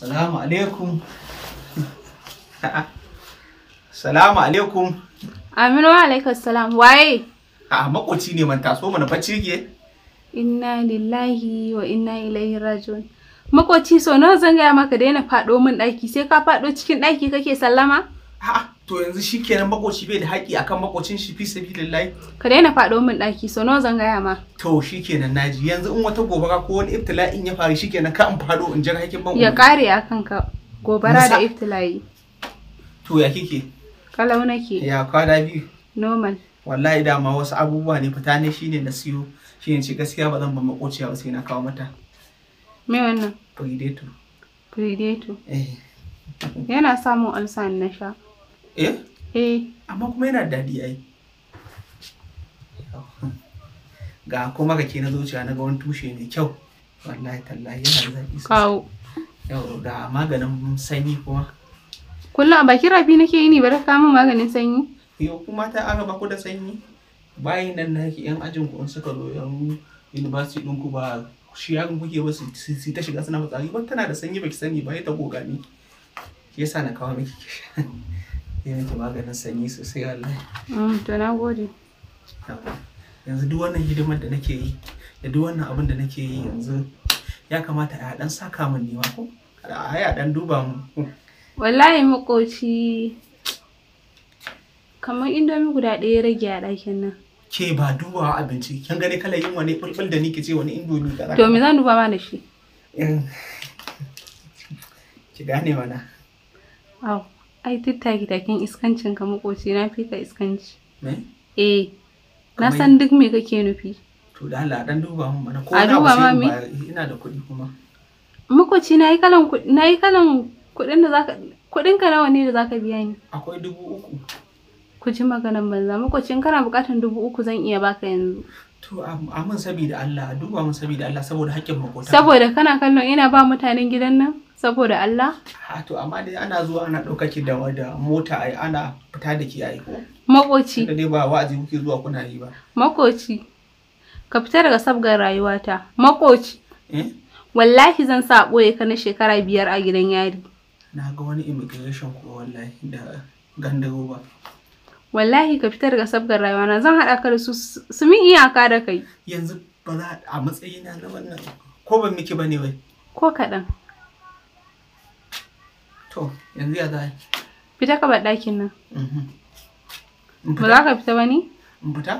salamu alaikum salamu alaikum aminu alaikum salam waye a makwaci ne man taso mana bacci ke inna lillahi wa inna ilaihi rajiun makwaci so nawa zan gaya maka daina faɗo min ɗaki sai ka faɗo cikin ɗaki kake sallama a'a to yanzu shi kenan makoci bai da haƙƙi akan makocin shi fi lillahi ka daina faɗo min ɗaki so nawa zan gaya ma to shi kenan naji yanzu in wata gobara ko wani ibtila'in ya faru shi kenan ka in faɗo in jira haƙƙin ban ya kare akan ka gobara da iftila'i to ya kike kalau nake ya kwana biyu normal wallahi dama wasu abubuwa ne fita ne shine na siyo shine ce gaskiya ba zan ba makociya ba sai na kawo mata me wannan predator predator eh yana samun ulcer na sha eh eh amma kuma yana daɗi ai ga kuma ke na zuciya na ga wani tushe mai kyau wallahi tallahi yana da zaki kawo yau da maganin sanyi kuma kullum a bakin rafi nake yi ne bari ka min maganin sanyi yau kuma ta aka ba ku da sanyi bayan nan na yan ajin ku in suka zo yan university din ku ba shi yarin kuke ba su ta shiga suna matsayi? ba tana da sanyi ba ki sani ba ya ta gogami yasa na kawo miki yi miki maganin sanyi sosai wallahi ah, to na gode yanzu duk wannan hidimar da nake yi da duk wannan abin da nake yi yanzu ya kamata a dan saka min ne ko a dan duba mu wallahi makoci kamar indomi guda ɗaya rage a ɗakin nan ke ba duba abinci kin gani kala yin wani ɓulɓul da ni nake ce wani indomi kaza to me zan duba ma da shi eh, ki gane mana au ai tattaki takin iskancin ka makoci na fi ka iskanci eh na san duk me kake nufi to da Allah dan duba mun bana ko a duba ma me eh, ina da kuɗi kuma makoci na yi kalan na yi kalan kuɗin da zaka kuɗin ka nawa ne da zaka biya ni akwai dubu uku ku ji maganan banza makocin kana buƙatar dubu uku zan iya baka yanzu To amma saboda Allah, duba mun saboda Allah saboda haƙƙin makota. Saboda kana kallon ina ba mutanen gidan nan? saboda Allah? Ha to amma dai ana zuwa ana ɗaukaki da wada mota ai ana fita da ki ai ko? Makoci. Da dai ba wa'azi kuke zuwa kuna yi ba. Makoci. Ka fita daga sabgar rayuwata. Makoci. Eh? Wallahi zan sa ɓoye ka na shekara biyar a gidan yari. Na ga wani immigration ko wallahi da ba. Wallahi ka fita daga sabgar rayuwana zan haɗa ka da su su min iyaka da kai. Yanzu ba za a matsayina na wannan ko ban miki ne wai. Ko kaɗan. To, yanzu ya zai. Fita ka bar ɗakin nan. Mhm. Ba za ka fita ba In fita?